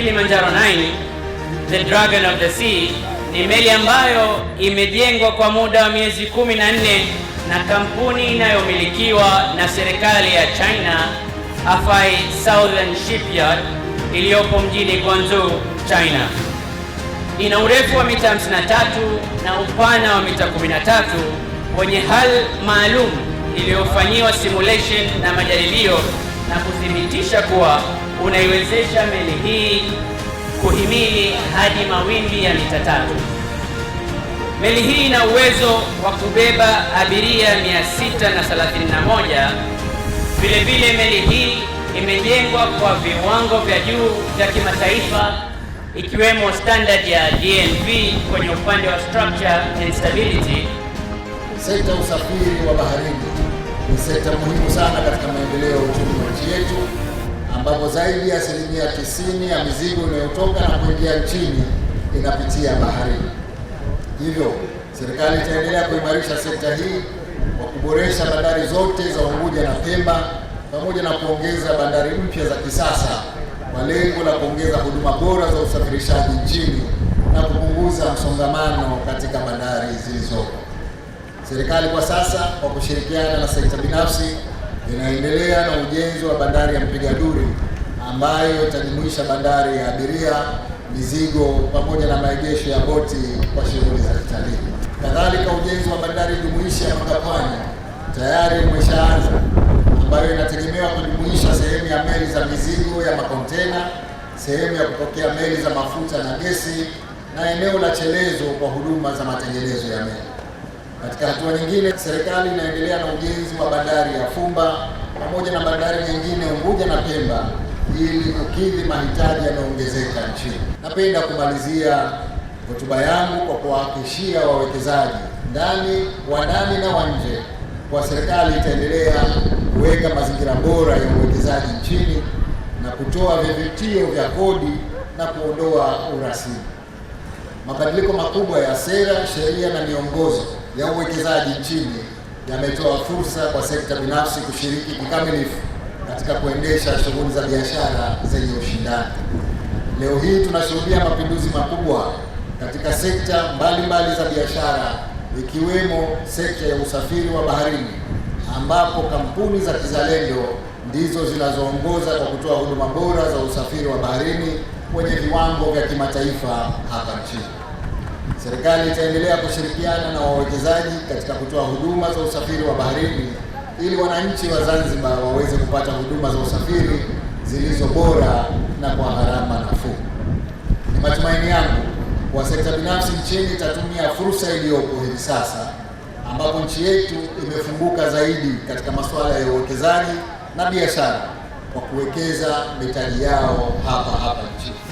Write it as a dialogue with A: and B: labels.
A: Kilimanjaro 9 The Dragon of the Sea ni meli ambayo imejengwa kwa muda wa miezi 14 na kampuni inayomilikiwa na serikali ya China Afai Southern Shipyard iliyopo mjini Guangzhou, China. Ina urefu wa mita 53 na upana wa mita 13 wenye hal maalum iliyofanyiwa simulation na majaribio na kuthibitisha kuwa unaiwezesha meli hii kuhimili hadi mawimbi ya mita tatu. Meli hii ina uwezo wa kubeba abiria 631. Vile vile meli hii imejengwa kwa viwango vya juu vya kimataifa ikiwemo standard ya DNV kwenye upande wa structure and stability.
B: Sekta usafiri wa sekta muhimu sana katika maendeleo ya uchumi wa nchi yetu, ambapo zaidi ya asilimia tisini ya mizigo inayotoka na kuingia nchini inapitia baharini. Hivyo serikali itaendelea kuimarisha sekta hii kwa kuboresha bandari zote za Unguja na Pemba pamoja na kuongeza bandari mpya za kisasa kwa lengo la kuongeza huduma bora za usafirishaji nchini na kupunguza msongamano katika bandari zilizopo. Serikali kwa sasa kwa kushirikiana na sekta binafsi inaendelea na ujenzi wa bandari ya mpiga duri ambayo itajumuisha bandari ya abiria, mizigo pamoja na maegesho ya boti kwa shughuli za kitalii. Kadhalika, ujenzi wa bandari jumuishi ya Makapwanya tayari umeshaanza, ambayo inategemewa kujumuisha sehemu ya meli za mizigo ya makontena, sehemu ya kupokea meli za mafuta na gesi na eneo la chelezo kwa huduma za matengenezo ya meli. Katika hatua nyingine, serikali inaendelea na ujenzi wa bandari ya Fumba pamoja na bandari nyingine Unguja na Pemba ili kukidhi mahitaji yanayoongezeka nchini. Napenda kumalizia hotuba yangu kwa kuwahakikishia wawekezaji ndani wa ndani na wa nje kwa serikali itaendelea kuweka mazingira bora ya uwekezaji nchini na kutoa vivutio vya kodi na kuondoa urasimu. Mabadiliko makubwa ya sera, sheria na miongozo ya uwekezaji nchini yametoa fursa kwa sekta binafsi kushiriki kikamilifu katika kuendesha shughuli za biashara zenye ushindani. Leo hii tunashuhudia mapinduzi makubwa katika sekta mbalimbali za biashara ikiwemo sekta ya usafiri wa baharini ambapo kampuni za kizalendo ndizo zinazoongoza kwa kutoa huduma bora za usafiri wa baharini kwenye viwango vya kimataifa hapa nchini. Serikali itaendelea kushirikiana na wawekezaji katika kutoa huduma za usafiri wa baharini ili wananchi wa Zanzibar waweze kupata huduma za usafiri zilizo bora na kwa gharama nafuu. Ni matumaini yangu kwa sekta binafsi nchini itatumia fursa iliyopo hivi sasa ambapo nchi yetu imefunguka zaidi katika masuala ya uwekezaji na biashara kwa kuwekeza mitaji yao hapa hapa nchini.